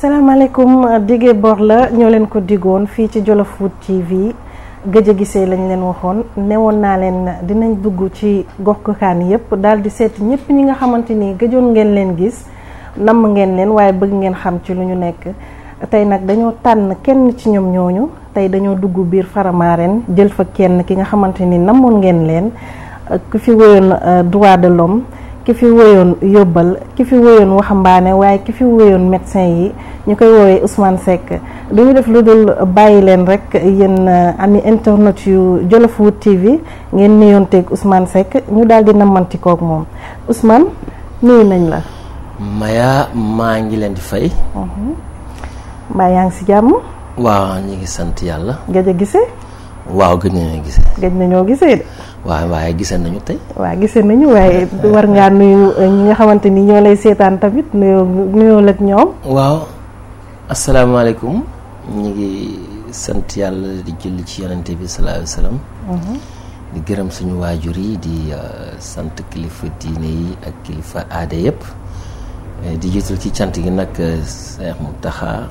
salaamaaleykum dige bor la ñoo leen ko digoon fii ci Jollof Food TV gëj a gisee lañu leen waxoon newoon naa leen dinañ dugg ci goxkaan yépp dal di seet ñépp ñi nga xamante ni gëjoon ngeen leen gis namm ngeen leen waaye bëgg ngeen xam ci lu ñu nekk tey nag dañoo tànn kenn ci ñoom ñooñu tey dañoo dugg biir Faramareen jël fa kenn ki nga xamante ni namoon ngeen leen ku fi woyoon euh, droit de l'homme ki fi woyoon yóbbal ki fi woyoon waxambaane waaye ki fi woyoon médecin yi ñu koy woowee usman Seck du def lu dul bàyyi leen rek yéen euh, ami internet yu Jolofwood TV ngeen nuyoon teeg Ousmane Seck ñu daldi di nammantikook moom usman nuyu nañ la Maya maa ngi leen di fay mhm. mbaa yaa ngi si jàmm waaw ñu ngi sant yàlla gëj a gise waaw gëj nañoo gise gëj nañoo gisee de waaw waaye gisee nañu tey. waaw gisee nañu waaye war ngaa nuyu ñi nga xamante ni ñoo lay seetaan tamit nuyoo nuyoo la ak ñoom. waaw asalaamaaleykum ñu ngi sant yàlla di julli ci yonente bi salaahu salaam. Mhm. di gërëm suñu waajur yi di uh, sant kilifa diine yi ak kilifa aada yëpp. Eh, di jiital ci cant gi nag Cheikh uh, Mountakha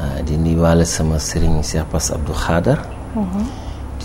uh, di nuyuwaale sama sëriñ Cheikh Bass Abdou Khadar. Mhm.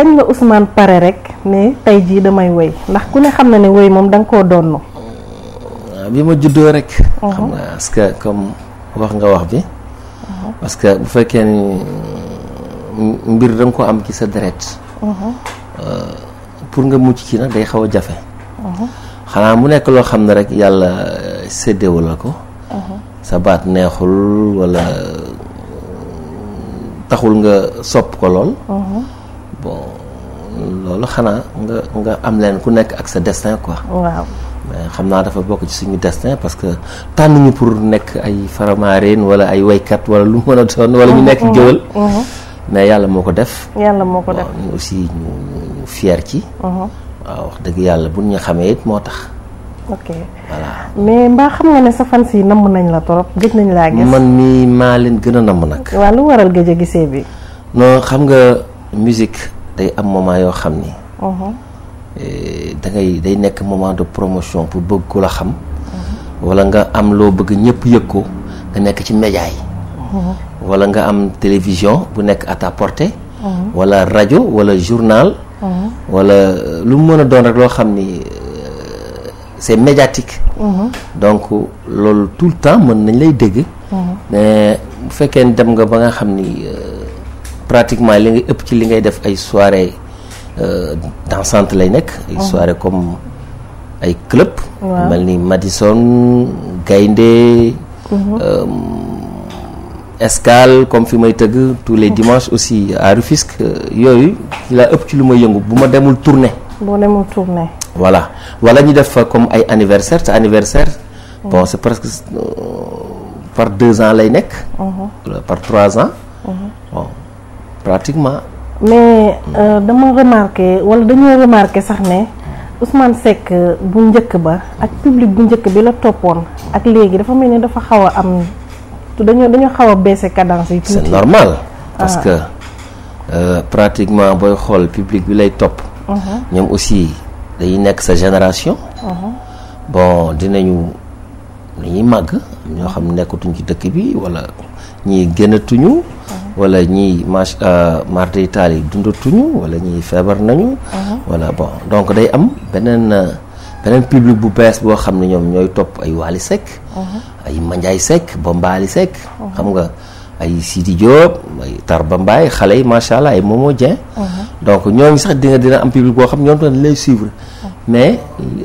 kañ la Ousmane paré rek ne tay ji damay woy ndax ku ne xam na ne woy mom dang ko donno euh, bi ma juddo rek mhm. xam naa parce que comme wax nga wax bi mhm. parce que bu fekkee ni mm, mbir dang ko am ci sa deret mhm. euh, pour nga mucc ci nak day xawa a xana mu nekk lo xam ne rek yalla euh, sédé wala ko sa bat neexul wala taxul nga sop ko lool bon loolu xanaa nga nga am leen ku nekk ak sa destin quoi. waaw. xam naa dafa bokk ci suñu destin parce que tànn ñu pour nekk ay faramaareen wala ay waykat wala lu mën a doon wala ñu nekk géwël mm-hmm. mm-hmm. mais yàlla moo ko def yàlla moo ko def ñu ci mm-hmm. waaw dëgg yàlla buñ ñu xamee moo tax ok voilà mais mbaa xam nga ne sa fans yi nañ la trop gëj nañ laa gis man mii maa leen gën a namm nag waaw lu waral gëj a gisee bi non xam nga musique day am moment yo xamni ni. Uh-huh. Eh, da ngay day nek moment de promotion pour bëgg ko la xam. Uh-huh. wala nga am lo bëgg ñëpp yëg ko nga nek ci média yi. Uh-huh. wala nga am télévision bu nek à ta portée. wala radio wala journal. wala eh, lu mëna mën a doon rek loo xam ni eh, c'est médiatique. donc lool tout le temps mën nañ lay dégg. mais bu fekkee dem nga ba nga xam ni pratiquement li ngay ëpp ci li ngay def ay soirée euh, centre lay nekk ay oh. soirée comme ay club mel ni Madison Gaynde mhm. euh, Escale comme fi may tëgg tous les dimanches aussi à Rufisque euh, yooyu la ëpp ci lu may yëngu bu ma demul tournée boo demul tournée voilà wala ñu def comme ay anniversaire sa anniversaire mhm. bon c'est presque par deux ans lay nekk mhm. par trois ans pratiquement mais euh, dama remarqué wala dañu remarqué sax né Ousmane Seck euh, bu njëkk ba ak public bu njëkk bi la topone ak légui dafa melni dafa xawa am dañoo dañu xaw a baissé cadence yi c'est normal parce ah. que euh, pratiquement boy xol public bi lay top topp uh-huh. ñoom aussi dañuy nekk sa génération uh-huh. bon dinañu ñi mag ñoo xam nekkatuñ ci dëkk bi wala ñii génnatuñu wala ñiy mach euh, mardi taali dundatuñu wala ñiy feebar nañu. wala uh-huh. bon donc day am beneen beneen public bu bees boo xam ne ñoom ñooy topp ay Waly Seck. Uh-huh. ay Mandiaye Seck Bambaali uh-huh. nga ay Sidi Diop ay Tarba Mbaye xale yi macha allah ay Momo Dieng. donc ñooñu sax dina dina am public boo xam ñoom tamit lay suivre. mais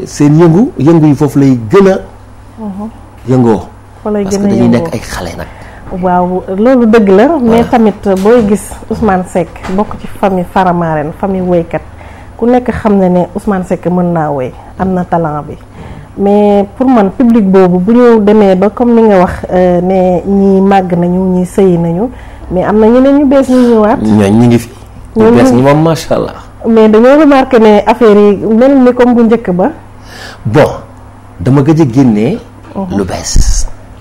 seen yëngu yëngu yi foofu lay gën a. yëngoo parce dañuy nekk ay xale nag. waaw loolu dëgg la mais tamit booy gis Ousmane Seck bokk ci famille Faramareen famille woykat ku nekk xam ne ne Ousmane Seck mën naa woy am na talent bi mais pour man publique boobu bu ñu demee ba comme ni nga wax euh, ne ñi màgg nañu ñi sëyi nañu mais am na ñeneen ñu bees ñu ñëwaat. ñooñu ñu ngi fi. ñu bees ñi moom macha allah. mais dañoo remarqué ne affaire yi mel ni comme bu njëkk ba. bon dama gëj a génnee. Mhm. lu bees.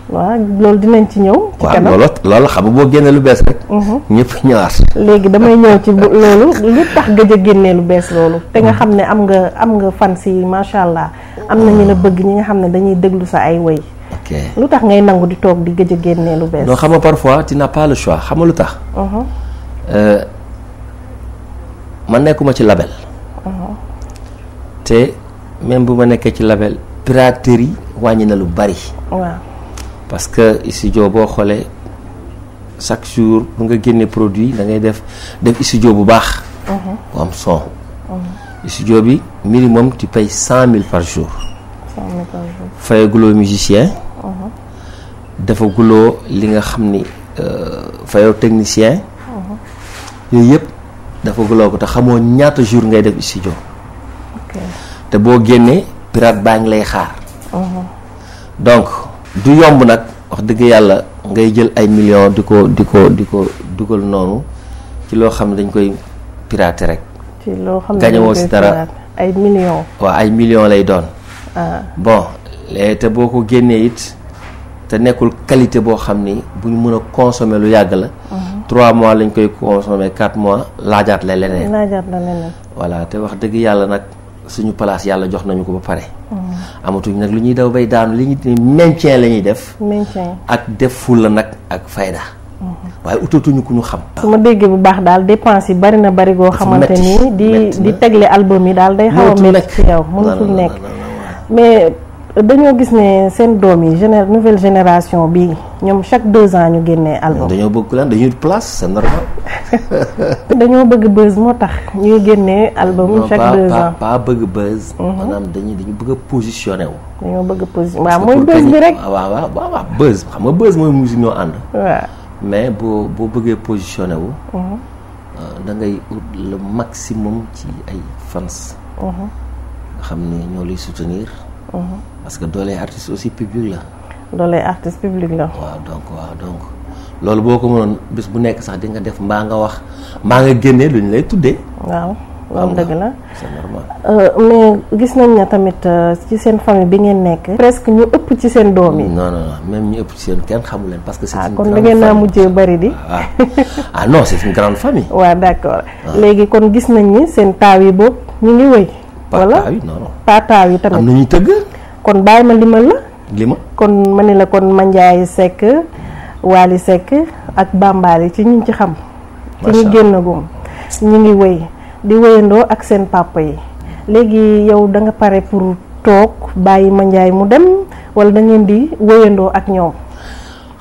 waaw loolu dinañ ci ñëw. ci kanam waaw loolu loolu xam nga boo génnee lu bees rek. Mhm. ñëpp ñëwaat. léegi damay ñëw ci loolu li tax gëj a génnee lu bees loolu. te nga mhm. xam ne am nga am nga fan si macha allah am na ñu la bëgg ñi nga xam ne dañuy déglu sa ay woy. ok lu tax ngay nangu di toog di gëj a génnee lu bees. non xam nga parfois tu n'as pas le choix xam nga lu tax. Mhm. Euh, man nekkuma ci label. te même bu ma nekkee ci label piraterie wàññi na lu bari. waaw. parce que studio boo xoolee chaque jour bu nga génne produit da ngay def def studio bu baax. bu mhm. am son. Mhm. studio bi minimum tu pay cent mille par jour. cent mille par jour fayaguloo musicien. Mhm. dafa guloo li nga xam ni euh, fayoo technicien. yooyu yëpp dafa guloo ko te xamoo ñaata jour ngay def studio. te boo génnee pirate baa ngi lay xaar. donc. du yomb nag wax dëgg yàlla ngay jël ay millions di ko di ko di ko dugal noonu ci loo xam ne dañ koy pirater rek. ci loo xam ne gañewoo si dara ay millions. waaw ay millions lay doon. Ah. bon léegi te boo ko génnee it te nekkul qualité boo xam ni bu ñu mën a consommer lu yàgg la. Mhm. trois mois lañ koy consommer quatre mois laajaat la leneen. laajaat te wax dëgg yàlla nag suñu place yàlla jox nañu ko ba pare. Mm. amatuñ nag lu ñuy daw bay daanu li ñuy maintien la ñuy def. maintien ak def fulla nag ak fayda. Mm-hmm. waaye utatuñu ku ñu xam. su ma déggee bu baax daal dépense yi bari na bari goo xamante ni di di tegle album yi daal day. xaw a métti ci yow mënatul nekk mais. dañoo gis ne seen doom yi géné nouvelle génération bi ñoom chaque deux ans ñu génnee album. dañoo bëgg lan dañuy place c'est normal. dañoo bëgg buzz moo tax ñuy génnee album. chaque pas, deux pas, ans pas bëgg buzz. Mhm. maanaam dañuy dañu bëgg a positionné wu. dañoo bëgg a positionné waaw mooy buzz bi rek. waaw waaw buzz xam nga buzz mooy musique ñoo ànd. waaw mais bo boo bëggee positionné wu. Mhm. Euh, da ngay le maximum ci ay fans. Mhm. nga xam ne ñoo lay soutenir. parce que dole artiste aussi public la. dole artiste public la. wa donc wa donc loolu boko ko bis bu kan eh, nek sax di nga def ma nga wax ma nga génnee luñ lay tuddé waaw loolu deug la c'est normal. mais gis nañ ne tamit ci sen famille bi ngeen nek presque ñu upp ci sen doom yi. non non non même ñu upp ci sen kenn xamul len parce que. c'est une grande famille kon da ngeen na bari di. ah, ah. ah non c'est une grande famille. ouais d'accord ah. légui kon gis nañ ni sen taw yi boobu ñu ngi wëy. wala pataaw yi non non anu yi tamit am nañu teug kon bàyyi ma limal la. lima kon ma ni la kon Mandiaye sekk Waly sekk ak Bambaali ci ñu ci xam. ci ñu génn gum ñu ngi wéy di wéyandoo ak seen papa yi léegi yow da nga pare pour toog bàyyi Mandiaye mu dem wala da di wéyandoo ak ñoom.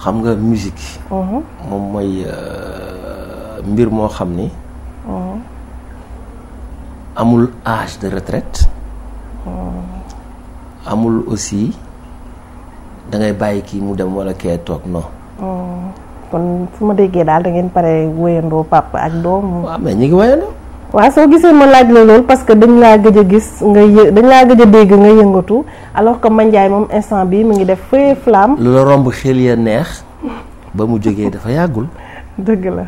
xam nga musique. Mhm. moom mooy euh, mbir moo xam ni. Mhm. amul âge de retraite. Mhm. amul aussi da ngay bàyyi ki mu dem wala kee toog non. kon su ma déggee daal da ngeen pare wéyandoo papa ak doom. waaw mais ñu ngi wéyandoo. waaw soo gisee ma laaj la loolu parce que dañ laa gëj a gis nga yë dañ laa gëj a dégg nga yëngatu alors que Mandiaye moom instant bi mu ngi def feu flamme. lu la romb xel ya neex ba mu jógee dafa yàggul. Ya dëgg la.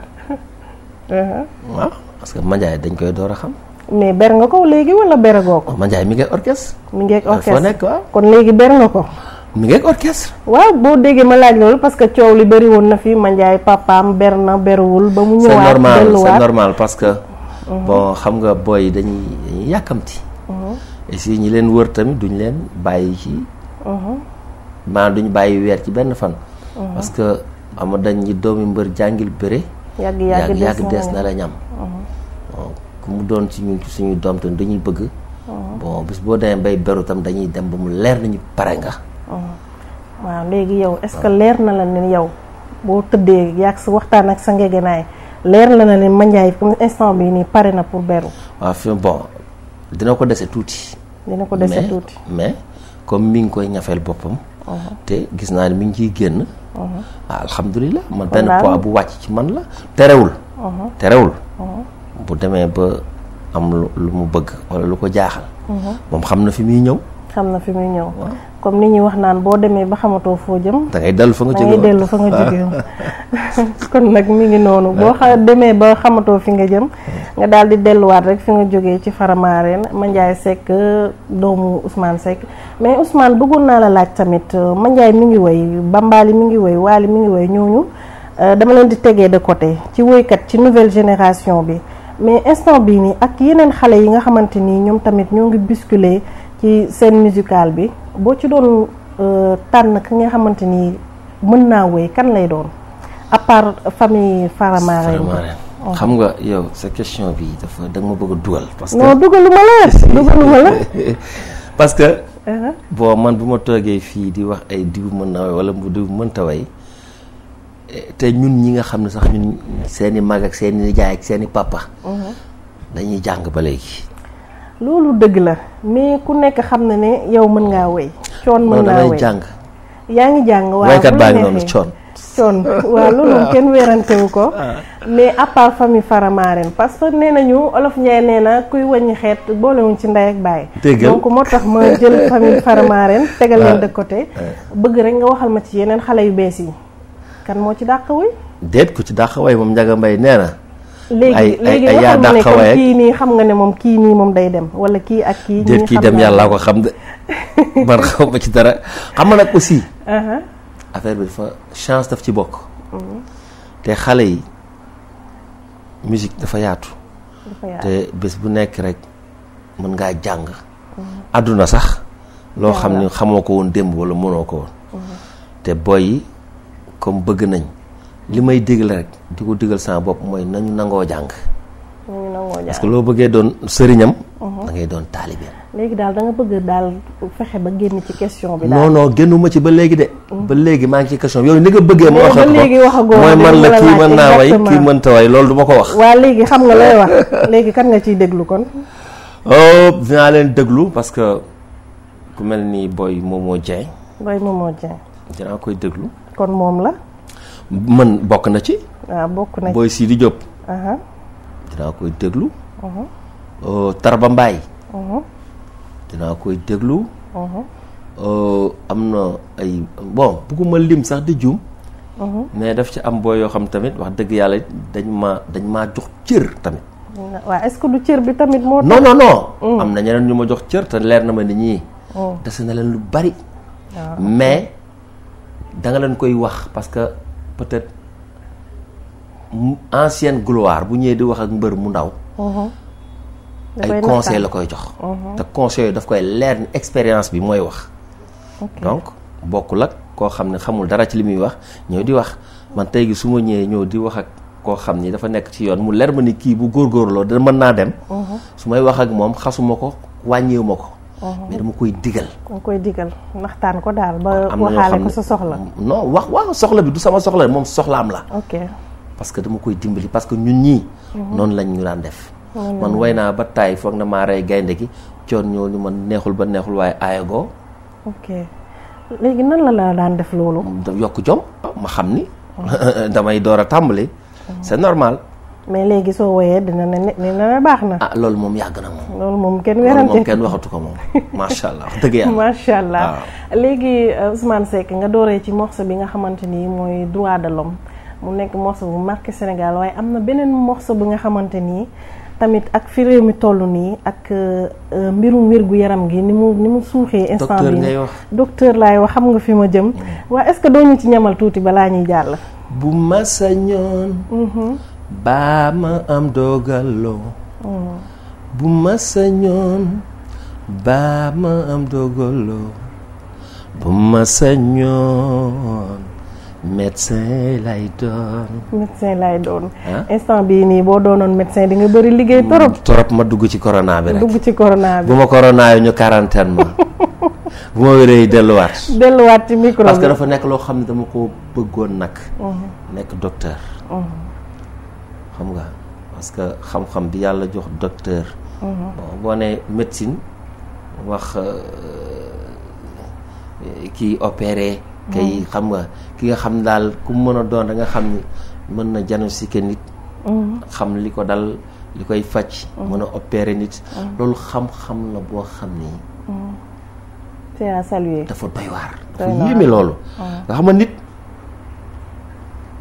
waaw parce que Mandiaye dañ koy door a xam. Me ber nga ko léegi wala ber goo ko oh, Man jay mi ngeeg orchestre mi ngeeg eh, orchestre kon léegi ber nga ko mi ngeeg orchestre waaw bo dege ma laaj loolu parce que ciow li bëri won na fi man jay papam ber na berwul ba mu ñëwaat normal c'est normal parce que mhm. bon xam nga boy dañuy yakamti. Mhm. et si ñi leen wër tamit duñ leen bayyi ci mhm. Ma duñ bayyi wër ci ben fan parce que ama dañ ñi doomi mbeur jangil béré. Yag yag des na la ñam ku mu doon ci ñun suñu doom tam dañuy bëgg. Oh. bon bis boo demee bay beru tam dañuy dem ba mu leer nañu pare nga. Oh. waaw léegi yow est-ce que leer na la ne yow boo tëddee yàgg sa waxtaan ak sa ngegenaay leer na la ne Mandiaye comme instant bi nii pare na pour beru. waaw fi bon dina ko dese tuuti. dina ko dese tuuti mais comme mi ngi koy ñafeel boppam. Oh. te gis naa ne mi ngi ciy génn. ah alhamdulilah man benn poids bu wàcc ci man la terewul. terewul. bu demee ba am lu mu bëgg wala lu ko jaaxal. Mhm. moom xam na fi muy ñëw. xam na fi muy ñëw. comme ni ñuy wax naan boo demee ba xamatoo foo jëm. da ngay dellu fa nga jógee da ngay kon nag mi ngi noonu boo xa demee ba xamatoo fi nga jëm. nga daal di delluwaat rek fi nga jógee ci faramaareen Mandiaye Seck doomu Ousmane Seck mais Ousmane bëggoon naa la laaj tamit euh, Mandiaye mi ngi woy Bambaali mu ngi woy Waali mi ngi woy ñooñu euh, dama leen di tegee de côté ci woykat ci nouvelle génération bi. mais instant bii nii ak yeneen xale yi nga xamante ni ñoom tamit ñoo ngi bousculer ci seen musicale bi boo ci doon euh, tànn ki nga xamante ni mën naa woy kan lay doon à part famille Faramaren oh. xam nga yow sa question bi dafa da ma bëgg dugal parce que non que uh-huh. bon man bu ma toogee fii di wax ay diw mën na way wala diw mënta way te ñun ñi nga xam ne sax ñun seeni mag ak seeni nijaay ak seeni papa. Mhm. dañuy jàng ba léegi. loolu dëgg la mais ku nekk xam na ne yow mën ngaa woy coon mën naa woy jàng. yaa ngi jàng waaw waykat baa ngi noonu coon. coon loolu kenn weerantewu ko. Ah. mais à part famille Faramareen parce que nee nañu olof Ndiaye nee na kuy wàññi xeet boolewuñ ci ndey ak baay. donc moo tax ma jël famille Faramareen tegal leen ah. de côté. Ah. bëgg rek nga waxal ma ci yeneen xale yu bees yi. kan moo ci dàq way déet ku ci dàq way moom Ndiaga Mbaye nee na. léegi léegi waxal ma kii nii xam nga ne moom kii nii moom day dem wala kii ak kii. ñii xam dem yàlla ko xam de man xaw ci dara xam nga nag aussi. Uh-huh. affaire bi dafa chance daf ci bokk. Mm-hmm. te xale yi musique dafa yaatu. bés bu nekk rek mën ngaa jàng. Mm-hmm. àdduna sax. loo xam ne xamoo ko woon démb wala mënoo ko woon. Mm-hmm. te boy yi comme bëgg nañ li may digal rek di ko digal sama bopp mooy nañu nangoo jàng. nañu loo bëggee doon sëriñam. Mhm. da ngay doon taalibe. léegi daal da nga bëgg daal fexe ba génn ci question bi. non non génnuma ci ba léegi de. Mhm. ba léegi maa ngi ci question bi yow bëggee. ma wax man la kii mën naa way kii mënta way loolu du ma ko wax. waaw léegi xam nga looy wax léegi kan nga ciy déglu kon. oh dinaa leen déglu parce que ku mel ni Boy Momo Dieng. Boy Momo Dieng. dinaa koy déglu. kon moom la man bokk na ci waaw ah, bokk na boy Sidi job aha dina koy deglu euh Tarba mbay Mbaye dina koy deglu déglu euh amna ay bon bëgguma lim sax di jum juum mais daf ci am boy yo xam tamit wax deug yalla dañ ma dañ ma jox cër tamit wa est ce que du cër bi tamit mo non non non mm. amna ñeneen ñuma jox cër te leer na ma ni ñii mm. dese na leen lu bari ah. mais da nga leen koy wax parce que peut-être ancienne gloire bu ñëwee di wax ak mbër mu ndaw uh-huh. ay conseil la koy jox uh-huh. te conseil daf koy leer ni expérience bi mooy wax donc bokkul ak koo xam ne xamul dara ci li muy wax ñëw di wax man tey gi su ma ñëwee ñëw di wax ak koo xam ni dafa nekk ci yoon mu leer ma ni kii bu góorgóorloo da mën naa dem uh-huh. su may wax ak moom xasuma ko ko Uh-huh. mais dama koy digal. dama koy digal ndaxtaan ko daal ba. waxaale ko sa soxla non wax waaw soxla bi du sama soxla moom soxla am la. ok parce que dama koy dimbali parce que ñun ñii. Uh-huh. noonu lañ ñu daan def. man way naa ba taay foog na maa rey gaynde gi coon ñoo ñu man neexul ba neexul waaye aayagoo. ok léegi nan la la daan def loolu. yokk jom ma xam ni. Uh-huh. damay door a tàmbali. c'est normal. mais léegi soo woyee dina ne dina ne baax na. Ah, loolu moom yàgg na loolu moom kenn werante moom kenn waxatu ko moom macha allah wax dëgg yàlla. macha allah léegi euh, Ousmane Seck nga dooree ci morceau bi nga xamante ni mooy droit de l'homme mu nekk morceau bu marqué Sénégal waaye am na beneen morceau bi nga xamante nii tamit ak fi réew mi toll nii ak euh, euh, mbirum wérgu yaram gi ni mu ni mu suuxee. instant bi docteur ngay wax docteur laay wax xam nga fi ma jëm. Mm. waa est que doo ñu ci ñamal tuuti balaa ñuy jàll. bu ma sañoon. Mm-hmm. baa ma am dogaloo bu ma sañoon baa médecin lay doon. médecin lay doon. Ah? instant bii nii boo doonoon médecin di nga bëri liggéey mm, torop. torop ma dugg ci corona bi rek dugg ci bu ma corona yi ñu quarantaine ma bu ma wéree delluwaat. delluwaat ci micro bi parce que dafa nekk loo xam ne dama ko bëggoon nag. Mm-hmm. nekk docteur. Mm-hmm. xam nga parce que xam-xam bi yàlla jox docteur. Mhm. bon boo nee médecine wax euh, kii opéré. kay mhm. xam nga ki nga xam daal ku mën a doon da nga xam ni mën na diagnostiquer nit. Mhm. xam li ko dal li koy faj. mën a opéré nit. loolu xam-xam la boo xam ni. dafa doy waar. dafa yéeme loolu. nga xam nit.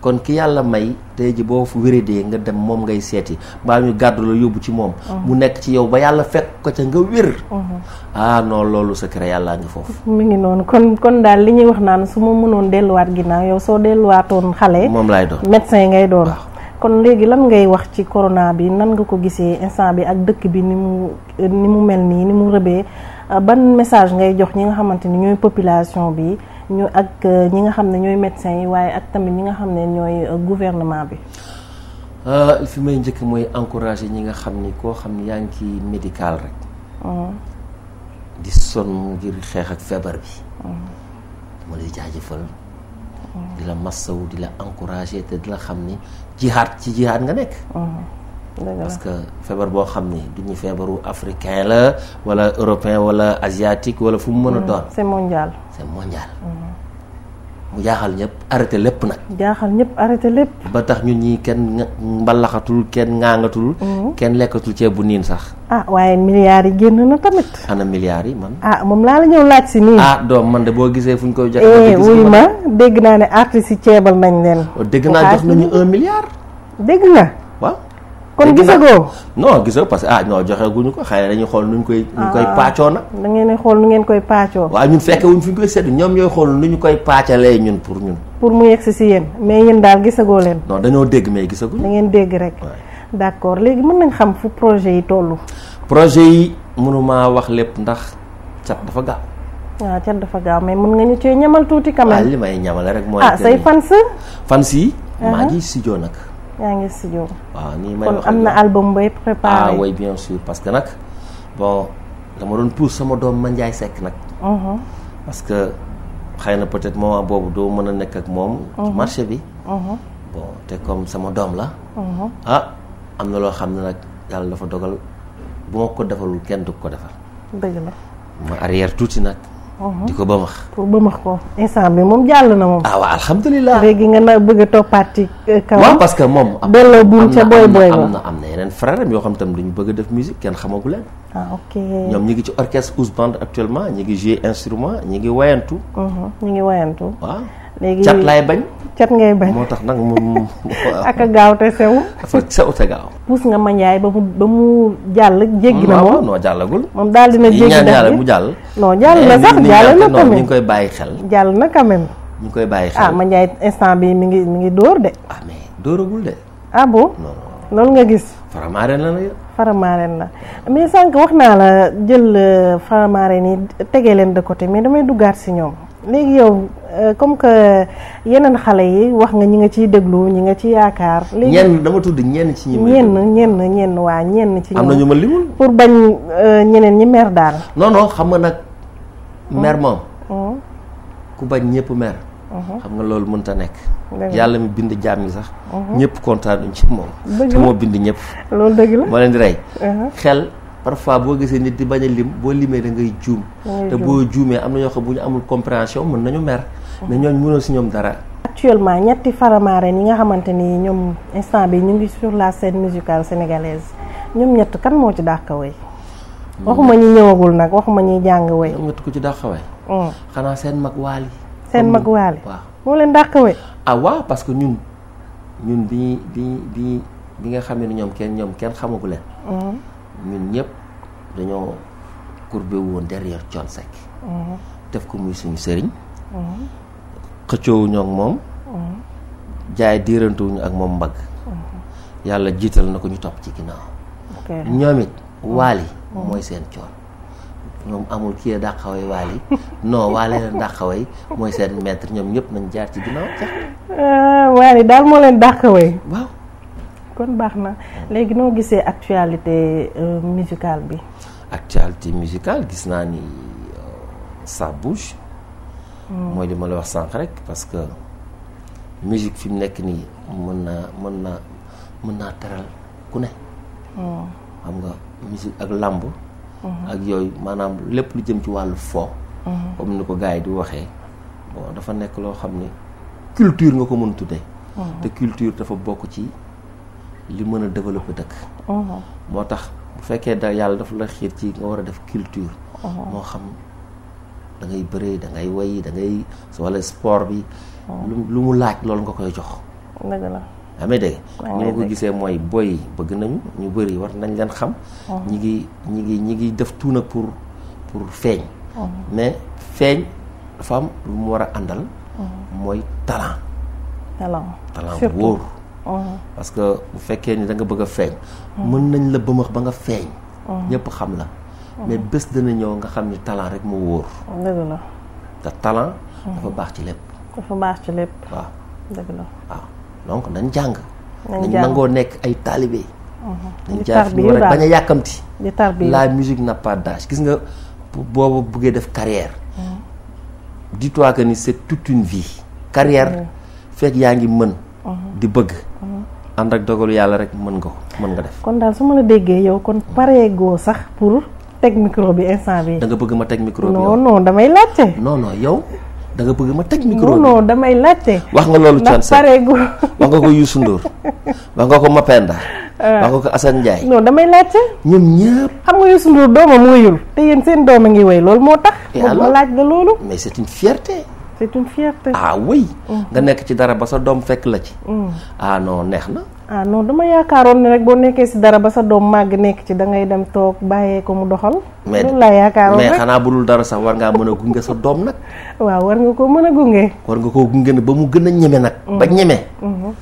kon ki yàlla may tey ji boo wéradee nga dem moom ngay seeti mbaa ñu gàddu la yóbbu ci moom oh. mu nekk ci yow ba yàlla fekk ko ca nga wér oh. ah non loolu secret yàlla ngi foofu mi ngi noonu kon kon daal li ñuy wax naan su ma mënoon delluwaat ginnaaw yow soo delluwaatoon xale moom laay doon médecin ngay doon kon léegi lan ngay wax ci corona bi nan nga ko gisee instant bi ak dëkk bi ni mu ni mu mel nii ni mu rëbee ah, ban message ngay jox ñi nga xamante ni ñooy population bi ñu ak euh, ñi nga xam ne ñooy médecins yi waaye ak tamit ñi nga xam ne ñooy euh, gouvernement bi euh, fi may njëkk mooy encourager ñi nga xam ni koo xam yaa ngi ci médical rek mm-hmm. di sonn ngir xeex ak feebar bi mm-hmm. ma lay jaajëfal di la massawu di la encourager te di la xam ni jihaat ci jihaat nga nekk mm-hmm. parce que feebar boo xam ni duñu feebaru africain la wala européen wala asiatique wala fu mu mën a doon c'est mondial c'est mondial mu jaaxal ñëpp arrêté lépp nag jaaxal ñëpp arrêté lépp ba tax ñun ñi kenn mbalaxatul kenn ngaangatul mm-hmm. kenn lekkatul ceeb bu niin sax ah waaye milliards yi génn na tamit ana milliards yi man ah moom laa la ñëw laaj si nii ah doom man de boo gisee fuñ koy eh wuy ma dégg naa ne artiste yi ceebal nañ leen oh, dégg naa jox nañu un milliard dégg nga kon gisagoo non gisagoo parce que ah non joxe ko xëy na dañuy xool nuñ koy nuñ koy ah. paacoo nag da ngeen xool nu ngeen koy paacoo waaw ñun fekke wuñ fi ñu koy xool nu ñu koy paacalee ñun pour ñun pour mu yegsi si yéen mais yéen daal gisagoo leen non dañoo dégg mais gisaguñ da ngeen dégg rek d'accord léegi mën nañ xam fu projet yi tollu projet yi mënumaa wax lépp ndax cat dafa gaaw waaw ah, cat dafa gaaw mais mën nga ñu cee ñamal tuuti quand même. li may ñamale rek mooy. ah say fans. fans yi. Uh-huh. maa ngi studio nag. yaa ngi studio. waaw nii may kon am na album bay préparé. ah bien sûr parce que nag bon dama doon pousse sama doom ma Mandiaye Seck nag. Uh-huh. parce que xëy na peut-être moment boobu doo mën a nekk ak moom. ci uh-huh. marché bi. Uh-huh. bon te comme sama doom la. ah am na loo xam ne nag yàlla dafa dogal bu ma ko defalul kenn du ko defal. dëgg la. ma arrière tuuti nag. Uh-huh. di ko bëmax. pour bëmax ko instant bi moom jàll na moom. ah waaw alhamdulilah léegi nga na bëgg a toppaat ci euh, kaw. waaw parce que moom. am na am na am na yeneen frère am yoo xam tam dañu bëgg a def musique kenn xamagu leen. ah ok ñoom ñu ngi ci orchestre Ouz Band actuellement ñu ngi jouer instrument ñu ngi wayantu. ñi ngi wayantu uh-huh, léegi cat lay bañ. cat ngay bañ moo tax nag moom. ak gaaw te sew. dafa sew te gaaw. puus nga ma Ndiaye ba mu ba mu jàll. jéggi na moom non jàllagul. moom daal dina jéggi def ñaan jàll. non jàll na sax jàll na quand même ñu koy bàyyi xel. jàll na quand même. ñu ngi koy bàyyi xel ah ma Ndiaye instant bi mi ngi mu ngi dóor de. ah dóoragul de. ah loolu nga gis. faramaareen la nag. faramaareen la mais sànq wax naa la jël euh, faramaareen yi tegee leen de côté mais damay duggaat si ñoom. léegi yow euh, comme que yeneen xale yi wax nga ñi nga ciy déglu ñi nga ci yaakaar. léegi ñenn dama tudd ñenn ci ñi. ñenn ñenn ñenn waa ñenn ci. am na ñu ma li limul pour bañ euh, ñeneen ñi mer daal. non xam nga nag. mer mm. moom. Mm. ku bañ ñëpp mer. Mm-hmm. xam nga loolu mënta nekk. yàlla mi bind jaam yi sax. Mm-hmm. ñëpp kontaanuñ ci moom. te moo bind ñëpp. loolu dëgg la ma leen rey. Uh-huh. xel. parfois boo gisee nit di bañ a lim boo limee da ngay juum te boo juumee am na ñoo xam bu ñu amul compréhension mën nañu mer mais ñooñ mënoo si ñoom dara actuellement ñetti faramaaren yi nga xamante ni ñoom instant bi ñu ngi sur la scène musicale sénégalaise ñoom ñett kan moo ci dàq way waxuma ñi ñëwagul nag waxuma ñi jàng way ñoom ñett ku ci dàq way mm. xanaa seen mag waali seen mag waali waaw moo leen dàq way ah waaw parce que ñun ñun bi bi bi bi nga xam ne ñoom kenn ñoom kenn xamagu leen mm. ñun ñëpp dañoo courbé woon derrière Thione Seck. Mhm. def ko muy suñu sëriñ. Mhm. xëccoowuñu moom. Mhm. jaay diirantewuñu ak moom mbagg. yàlla jiital na ko ñu topp ci ginnaaw. ñoom it waali mooy seen coon ñoom amul kii dàq xaway waali non waale leen dàq xaway mooy seen maître ñoom ñëpp nañ jaar ci ginnaaw sax. Euh, waali daal moo leen dàq kon baax na léegi noo gisee actualité euh, musicale bi. actualité musicale gis naa ni euh, ça bouge. Hmm. mooy li ma la wax sànq rek parce que musique fi mu nekk nii mën naa mën naa mën naa teral ku ne. Hmm. xam nga musique ak làmb. Hmm. ak yooyu maanaam lépp lu jëm ci wàllu fo. comme ni ko gars yi di waxee. bon dafa nekk loo xam ne culture nga ko mën tuddee. te culture dafa bokk ci. li mën a développer dëkk uh-huh. moo tax bu fekkee da yàlla dafa la xiir ci nga war a def culture uh-huh. moo xam da ngay bëree da ngay way da ngay wala sport bi uh-huh. lu mu laaj loolu nga koy jox dëgg la amee dégg ñi ma ko gisee mooy boy bëgg nañu ñu bëri war nañ leen xam ñi ngi ñi ngi ñi ngi def tuuna pour pour feeñ mais feeñ dafa lu mu war a àndal mooy talent talent wóor Oh. parce que bu fekkee ni da nga bëgg a feeñ. mën nañ la bëmaax ba nga feeñ. Oh. ñëpp xam la. Oh. mais bés dana ñëw nga xam ni talent rek mu wóor. dëgg la. te talent. Mm-hmm. dafa baax ci lépp. dafa baax ci lépp. waaw dëgg la waaw donc nañ jàng. nañ nangoo nekk ay taalibe. Mm-hmm. nañ jaar fi bañ a yàkkamti. la musique n'a pas gis nga boobu buggee def carrière. Mm-hmm. dis-toi que ni c'est toute une vie. carrière fekk yaa ngi mën. di bëgg. ànd ak dogalu yàlla rek mën nga ko mën nga def. kon daal su ma la déggee yow kon pareegoo sax pour teg micro bi instant bi da nga bëgg ma teg micro bi non non damay laajte. non non yow da nga bëgg ma teg micro bi non damay laajte. wax nga loolu Thione Seck wax nga ko Youssou Ndour wax nga ko Mapenda. Ah. wax nga ko Assane Ndiaye. non damay laajte. ñoom ñëpp. xam nga Youssou Ndour doomam wëyul. te yéen seen doom a ngi wëy loolu moo tax. ma laaj la loolu. mais c'est une c'est une fierté. Ah mm. nga nekk ci dara ba sa doom fekk la ci. Mm. ah non neex na. ah non dama yaakaaroon ne rek boo nekkee si dara ba sa doom màgg nekk ci da ngay dem toog bàyyee ko mu doxal. mais loolu laa yaakaaroon mais xanaa bu dul dara sax war ngaa mën a gunge sa doom nag. waaw war nga koo mën a gunge. war nga koo gunge ba mu gën a ñeme nag. Mm. ba ñeme.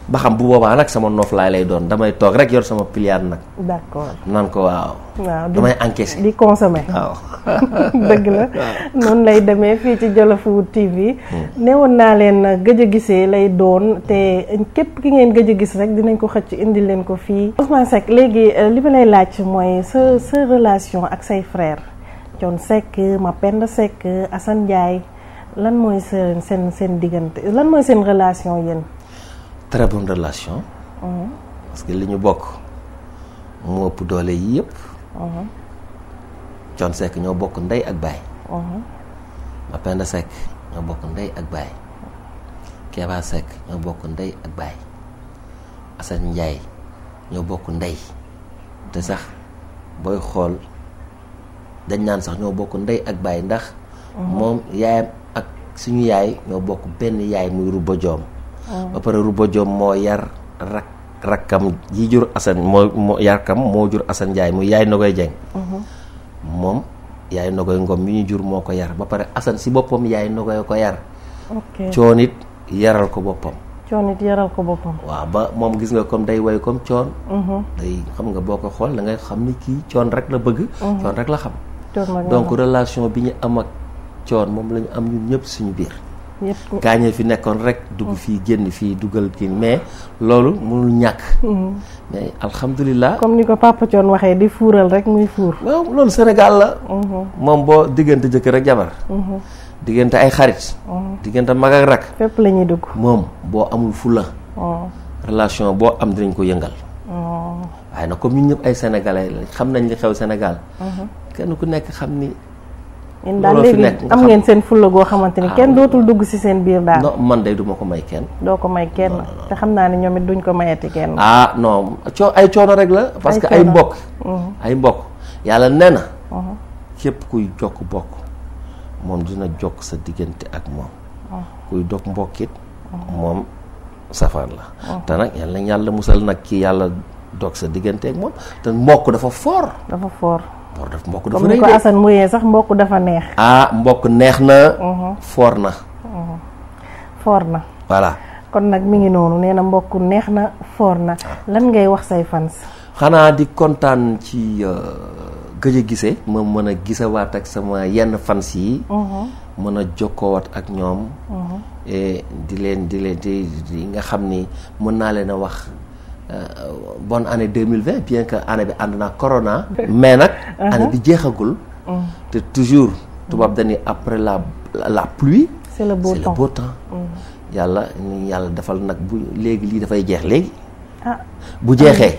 ba xam mm-hmm. bu boobaa nag sama nof laay lay doon damay toog rek yor sama piliard nag. d' accord naan ko waaw. Nah, damay encaissé di consommer waaw dëgg la noonu lay demee fii ci Jolofwood TV. Mm. newoon naa leen gëj a gisee lay doon te képp ki ngeen gëj a gis rek dinañ ko xëcc indi leen ko fii Ousmane Seck léegi euh, li ma lay laaj mooy sa sa relation ak say frère Thione Seck ma Mapenda Seck Assane Ndiaye lan mooy seen seen seen diggante lan mooy seen relation yéen très bonne relation mmh. parce que li ñu bokk moo ëpp doole yi yëpp mhm. Thione Seck ñoo bokk ndey ak baay mhm. Mapenda Seck ñoo bokk ndey ak baay Keba Seck ñoo bokk ndey ak baay Assane Ndiaye ñoo bokk ndey te sax booy xool dañ naan sax ñoo bokk ndey ak baay ndax mhm. moom yaayam ak suñu yaay ñoo bokk benn yaay muy Ruba Joom ba pare Ruba Joom moo yar rak rakkam yi jur Assane moo moo yarkam moo jur Assane njaay mu yaay Nogoy Dieng mhm. moom yaay Nogoy Ngom yi ñu jur moo ko yar ba pare Assane si boppam yaay Nogoy ko yar coon it yaral ko boppam coon it yaral ko boppam. waaw ba moom gis nga comme day way comme coon. Mhm. day xam nga boo ko xool da ngay xam ni kii coon rek la bëgg. Mhm. coon rek la xam. donc relation bi ñu am ak coon moom la am ñun ñëpp suñu biir. gaañee fi nekkoon rek dugg mhm. fii génn fii dugal kii mais loolu mënul ñàkk mais alhamdulilah comme ni ko papa Thion waxee di fuural rek muy fuur waaw loolu Sénégal la moom boo diggante jëkkër ak jabar diggante ay xarit. Oh. diggante mag ak rak. fépp lañuy ñuy dugg moom boo amul fula. Oh. relation boo am dinañ ko yëngal. Oh. waaye na comme ñun ñëpp ay sénégalais la xam nañ li xew Sénégal. Uh-huh. kenn ku nekk xam ni. daal léegi am ngeen seen fulla goo xamante ni ah, kenn dootul dugg ci seen biir daal. man day duma ko may kenn. doo ko may kenn te xam naa ne ñoom it duñ ko mayati kenn. ah non ay coono rek la. parce que ay mbokk. Uh-huh. ay mbokk yàlla nee na. Uh-huh. képp kuy jokk bokk. moom dina jokk sa diggante ak moom oh. kuy dog mbokkit oh. moom safaan la oh. te nag yàlla musal nag ki yàlla dog sa diggante ak moom te mbokk dafa foor dafa foor mbokk dafa rëy sax mbokk dafa neex ah mbokk neex na uh-huh. foor na uh-huh. foor na voilà kon nag mi ngi noonu nee na mbokk neex na foor na ah. lan ngay wax say fans xanaa di kontaan ci euh, je a gisee ma de, a ak sama yenn fans yi uh-huh. mën a ak ñoom uh-huh. di leen di di a wax euh, bonne année 2020 bien que année bi ànd naa corona mais nag uh-huh. année bi jeexagul te toujours tubaab après la la pluie c'est le beau temps c'est le beau temps yàlla ni yàlla defal nag bu léegi lii dafay jeex léegi ah. bu jeexee